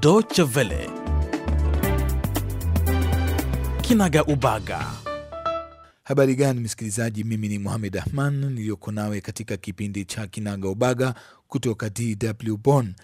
Deutsche Welle, kinaga ubaga. Habari gani msikilizaji, mimi ni Mohamed Ahman niliyoko nawe katika kipindi cha kinaga ubaga kutoka DW Bonn.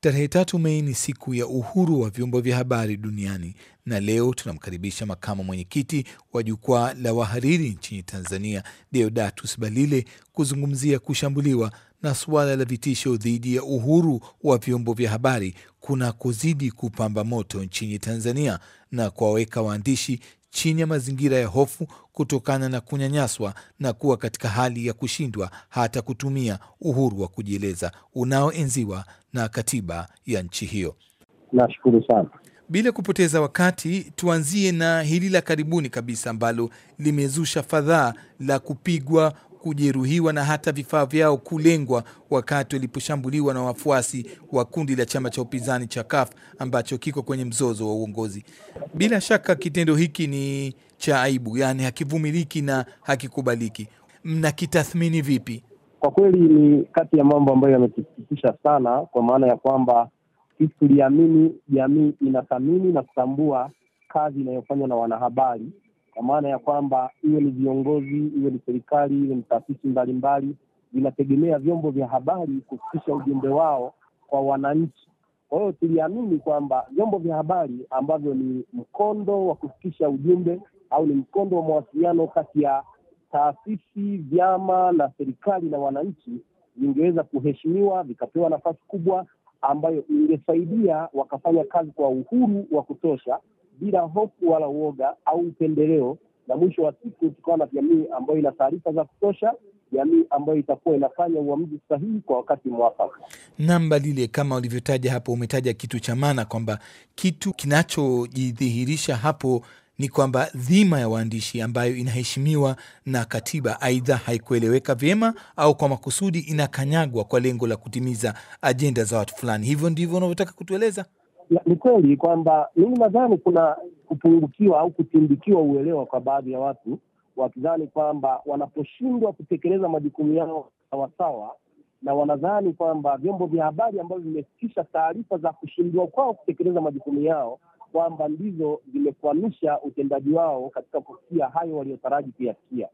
Tarehe tatu Mei ni siku ya uhuru wa vyombo vya habari duniani, na leo tunamkaribisha makamu mwenyekiti wa jukwaa la wahariri nchini Tanzania, Deodatus Balile kuzungumzia kushambuliwa na suala la vitisho dhidi ya uhuru wa vyombo vya habari kuna kuzidi kupamba moto nchini Tanzania na kuwaweka waandishi chini ya mazingira ya hofu kutokana na kunyanyaswa na kuwa katika hali ya kushindwa hata kutumia uhuru wa kujieleza unaoenziwa na katiba ya nchi hiyo. Nashukuru sana. Bila kupoteza wakati, tuanzie na hili la karibuni kabisa ambalo limezusha fadhaa la kupigwa kujeruhiwa na hata vifaa vyao kulengwa wakati waliposhambuliwa na wafuasi wa kundi la chama cha upinzani cha CUF ambacho kiko kwenye mzozo wa uongozi. Bila shaka kitendo hiki ni cha aibu, yani hakivumiliki na hakikubaliki. Mnakitathmini vipi? Kwa kweli ni kati ya mambo ambayo yametusikitisha sana, kwa maana ya kwamba sisi tuliamini jamii inathamini na kutambua kazi inayofanywa na wanahabari kwa maana ya kwamba iwe ni viongozi, iwe ni serikali, iwe ni taasisi mbalimbali, vinategemea vyombo vya habari kufikisha ujumbe wao kwa wananchi. Kwa hiyo tuliamini kwamba vyombo vya habari ambavyo ni mkondo wa kufikisha ujumbe au ni mkondo wa mawasiliano kati ya taasisi, vyama na serikali na wananchi vingeweza kuheshimiwa, vikapewa nafasi kubwa ambayo ingesaidia wakafanya kazi kwa uhuru wa kutosha bila hofu wala uoga au upendeleo, na mwisho wa siku tukawa na jamii ambayo ina taarifa za kutosha, jamii ambayo itakuwa inafanya uamuzi sahihi kwa wakati mwafaka. namba lile kama ulivyotaja hapo, umetaja kitu cha maana kwamba kitu kinachojidhihirisha hapo ni kwamba dhima ya waandishi ambayo inaheshimiwa na katiba aidha haikueleweka vyema au kwa makusudi inakanyagwa kwa lengo la kutimiza ajenda za watu fulani. Hivyo ndivyo unavyotaka kutueleza? ni kweli kwamba mimi nadhani kuna kupungukiwa au kutindikiwa uelewa kwa baadhi ya watu wakidhani kwamba wanaposhindwa kutekeleza majukumu yao sawasawa, na wanadhani kwamba vyombo vya habari ambavyo vimefikisha taarifa za kushindwa kwao kutekeleza majukumu yao kwamba ndizo zimekwamisha utendaji wao katika kufikia hayo waliotaraji kuyafikia,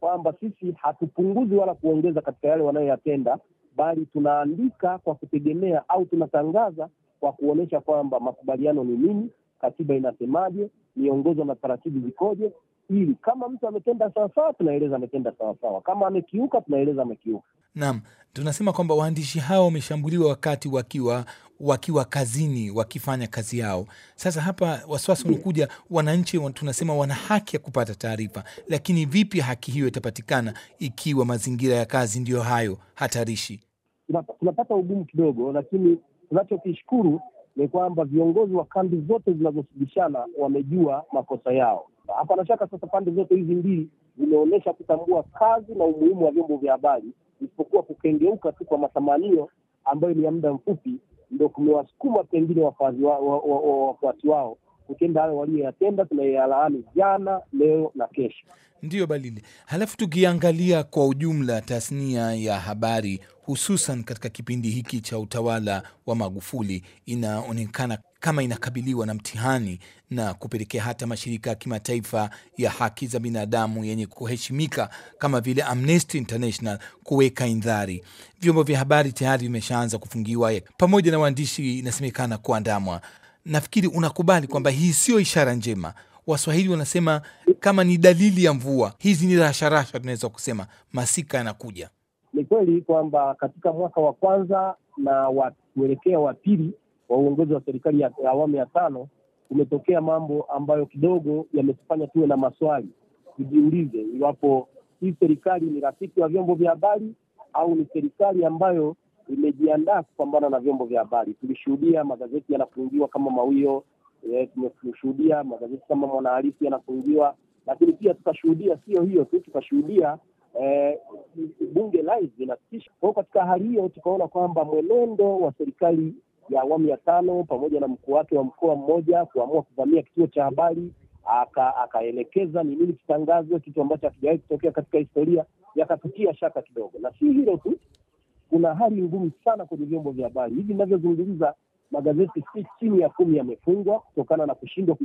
kwamba sisi hatupunguzi wala kuongeza katika yale wanayoyatenda, bali tunaandika kwa kutegemea au tunatangaza kwa kuonyesha kwamba makubaliano ni nini, katiba inasemaje, miongozo na taratibu zikoje, ili kama mtu ametenda sawasawa, tunaeleza ametenda sawasawa, kama amekiuka, tunaeleza amekiuka. Naam, tunasema kwamba waandishi hao wameshambuliwa wakati wakiwa wakiwa kazini wakifanya kazi yao. Sasa hapa wasiwasi unakuja, wananchi tunasema wana haki ya kupata taarifa, lakini vipi haki hiyo itapatikana ikiwa mazingira ya kazi ndiyo hayo hatarishi? Tunapata ugumu kidogo, lakini tunachokishukuru ni kwamba viongozi wa kambi zote zinazosibishana wamejua makosa yao. Hapana shaka sasa pande zote hizi mbili zimeonyesha kutambua kazi na umuhimu wa vyombo vya habari, isipokuwa kukengeuka tu kwa matamanio ambayo ni ya muda mfupi, ndo kumewasukuma pengine wafuasi wa, wa, wa, wa, wa wao kutenda hayo walioyatenda. Tunayalaani jana, leo na kesho. Ndiyo Balili. Halafu tukiangalia kwa ujumla tasnia ya habari hususan katika kipindi hiki cha utawala wa Magufuli inaonekana kama inakabiliwa na mtihani na kupelekea hata mashirika ya kimataifa ya haki za binadamu yenye kuheshimika kama vile Amnesty International kuweka indhari. Vyombo vya habari tayari vimeshaanza kufungiwa pamoja na waandishi inasemekana kuandamwa. Nafikiri unakubali kwamba hii sio ishara njema. Waswahili wanasema kama ni dalili ya mvua, hizi ni rasharasha, tunaweza kusema masika yanakuja. Ni kweli kwamba katika mwaka wa kwanza na kuelekea wa pili wa uongozi wa serikali ya awamu ya tano kumetokea mambo ambayo kidogo yametufanya tuwe na maswali, tujiulize iwapo hii serikali ni rafiki wa vyombo vya habari au ni serikali ambayo imejiandaa kupambana na vyombo vya habari. Tulishuhudia magazeti yanafungiwa kama Mawio, e, tumeshuhudia magazeti kama Mwanahalisi yanafungiwa, lakini pia tukashuhudia, sio hiyo tu, tukashuhudia eh, bunge live linapitisha. kwao. katika hali hiyo tukaona kwamba mwenendo wa serikali ya awamu ya tano pamoja na mkuu wake wa mkoa mmoja kuamua kuvamia kituo cha habari akaelekeza aka ni nini kitangazwe, kitu ambacho hakijawahi kutokea katika historia, yakatutia shaka kidogo. Na si hilo tu, kuna hali ngumu sana kwenye vyombo vya habari hivi inavyozungumza Magazeti si chini ya kumi yamefungwa kutokana na kushindwa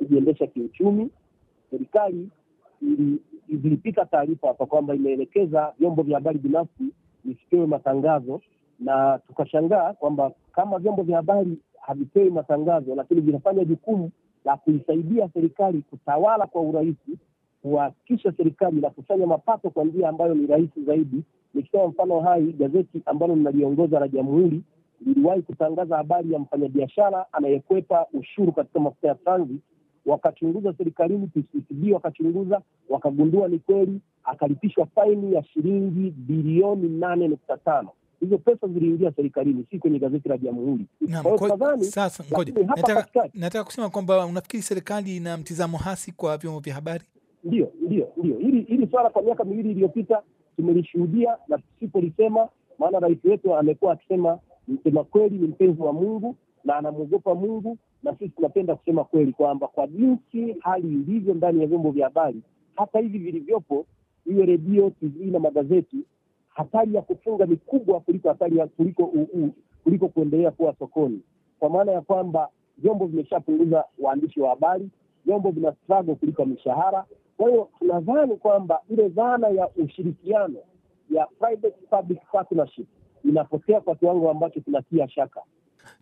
kujiendesha kiuchumi. Serikali zilipita taarifa hapa kwamba imeelekeza vyombo vya habari binafsi visipewe matangazo, na tukashangaa kwamba kama vyombo vya habari havipewi matangazo, lakini vinafanya jukumu la kuisaidia serikali kutawala kwa urahisi, kuhakikisha serikali inakusanya mapato kwa njia ambayo ni rahisi zaidi. Nikisema mfano hai, gazeti ambalo linaliongoza la Jamhuri liliwahi kutangaza habari ya mfanyabiashara anayekwepa ushuru katika mafuta ya transit wakachunguza serikalini PCCB wakachunguza, wakagundua ni kweli, akalipishwa faini ya shilingi bilioni nane nukta tano. Hizo pesa ziliingia serikalini, si kwenye gazeti la Jamhuri. Sasa ngoja, nataka, kusema kwamba unafikiri serikali ina mtizamo hasi kwa vyombo vya habari? Ndio, ndio, ndio. Hili hili swala kwa miaka miwili iliyopita tumelishuhudia na tusipolisema, maana rais wetu amekuwa akisema msema kweli ni mpenzi wa Mungu na anamwogopa Mungu, na sisi tunapenda kusema kweli kwamba kwa jinsi hali ilivyo ndani ya vyombo vya habari hata hivi vilivyopo, iwe redio, TV na magazeti, hatari ya kufunga ni kubwa kuliko hatari ya kuliko uu, kuliko kuendelea kuwa sokoni, kwa maana ya kwamba vyombo vimeshapunguza waandishi wa habari, vyombo vina struggle kuliko mishahara. Kwa hiyo tunadhani kwamba ile dhana ya ushirikiano ya private public partnership inapotea kwa kiwango ambacho tunatia shaka.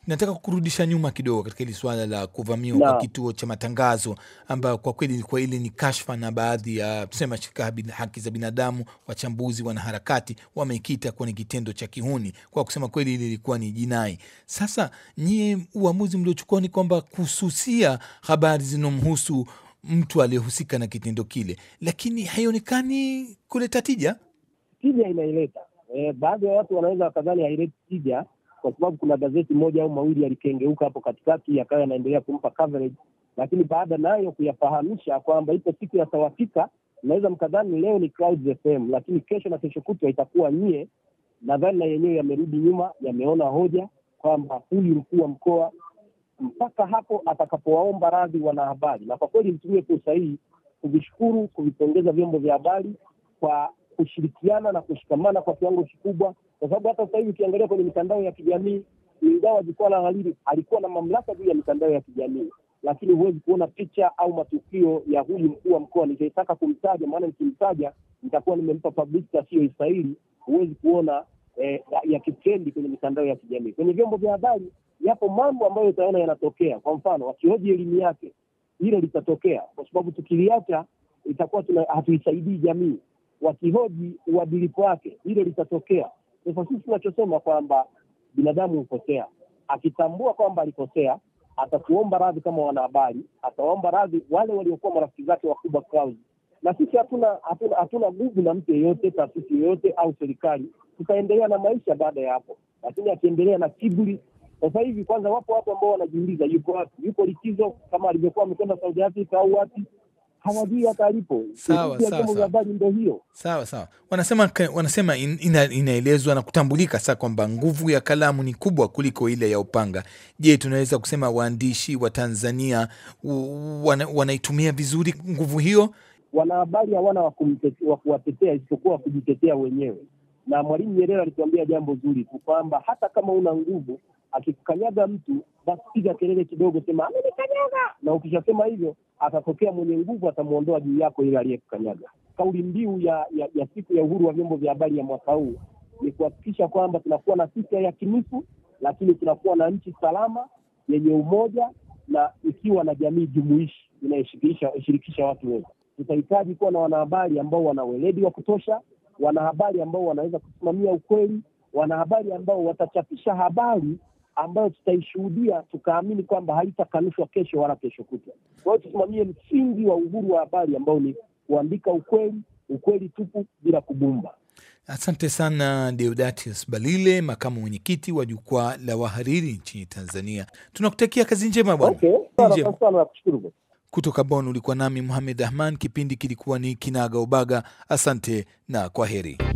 Nataka kurudisha nyuma kidogo katika hili suala la kuvamiwa kwa kituo cha matangazo ambayo kwa kweli ilikuwa ile ni kashfa, na baadhi ya tuseme shirika haki za binadamu, wachambuzi, wanaharakati wamekita kuwa ni kitendo cha kihuni. Kwa kusema kweli, ile ilikuwa ni jinai. Sasa nyie, uamuzi mliochukua ni kwamba kususia habari zinomhusu mtu aliyehusika na kitendo kile, lakini haionekani kuleta tija. Tija inaileta e, baadhi ya watu wanaweza wakadhani haileti tija kwa sababu kuna gazeti moja au mawili yalikengeuka hapo katikati yakawa yanaendelea kumpa coverage, lakini baada nayo kuyafahamisha kwamba ipo siku ya sawafika, naweza mkadhani leo ni Clouds FM, lakini kesho na kesho kutwa itakuwa nyie. Nadhani na yenyewe yamerudi nyuma, yameona hoja kwamba huyu mkuu wa mkoa mpaka hapo atakapowaomba radhi wanahabari. Na kwa kweli nitumie fursa hii kuvishukuru, kuvipongeza vyombo vya habari kwa kushirikiana na kushikamana kwa kiwango kikubwa kwa sababu hata sasa hivi ukiangalia kwenye mitandao ya kijamii, ingawa jukwaa la uhariri alikuwa na mamlaka juu ya mitandao ya kijamii, lakini huwezi kuona picha au matukio ya huyu mkuu wa mkoa. Nitaitaka kumtaja, maana nikimtaja nitakuwa nimempa publicity asiyoistahili. Huwezi kuona eh, ya kitendi kwenye mitandao ya kijamii. Kwenye vyombo vya habari yapo mambo ambayo utaona yanatokea. Kwa mfano, wakihoji elimu yake, hilo litatokea, kwa sababu tukiliacha itakuwa hatuisaidii jamii. Wakihoji uadilifu wake, hilo litatokea sasa sisi tunachosema kwamba binadamu hukosea, akitambua kwamba alikosea atakuomba radhi kama wanahabari, ataomba radhi wale waliokuwa marafiki zake wakubwa Clouds. Na sisi hatuna hatuna hatuna nguvu na mtu yeyote, taasisi yoyote au serikali, tutaendelea na maisha baada ya hapo. Lakini akiendelea na kiburi, sasa hivi kwanza, wapo watu ambao wanajiuliza yuko wapi, yuko likizo kama alivyokuwa amekwenda Saudi afrika au wapi? hawajui hata alipo. Sawa ndo hiyo. Sawa sawa, wanasema wanasema inaelezwa ina na kutambulika sasa kwamba nguvu ya kalamu ni kubwa kuliko ile ya upanga. Je, tunaweza kusema waandishi wa Tanzania wana, wanaitumia vizuri nguvu hiyo? Wanahabari hawana wa kuwatetea isipokuwa kujitetea wenyewe, na Mwalimu Nyerere alituambia jambo zuri tu kwamba hata kama una nguvu akikukanyaga mtu basi piga kelele kidogo, sema amenikanyaga, na ukishasema hivyo atatokea mwenye nguvu atamwondoa juu yako ili aliyekukanyaga. Kauli mbiu ya, ya, ya siku ya uhuru wa vyombo vya habari ya mwaka huu ni kuhakikisha kwamba tunakuwa na sifa ya kinusu lakini tunakuwa na nchi salama yenye umoja na ikiwa na jamii jumuishi inayoshirikisha watu wote. Tutahitaji kuwa na wanahabari ambao wana weledi wa kutosha, wanahabari ambao wanaweza kusimamia ukweli, wanahabari ambao watachapisha habari ambayo tutaishuhudia tukaamini kwamba haitakanushwa kesho wala kesho kutwa. Kwa hiyo tusimamie msingi wa uhuru wa habari ambao ni kuandika ukweli, ukweli tupu bila kubumba. Asante sana Deodatius Balile, makamu mwenyekiti wa jukwaa la wahariri nchini Tanzania. Tunakutakia kazi njema bwana. Okay. kutoka bon Ulikuwa nami Muhamed Ahman, kipindi kilikuwa ni kinaga ubaga. Asante na kwa heri.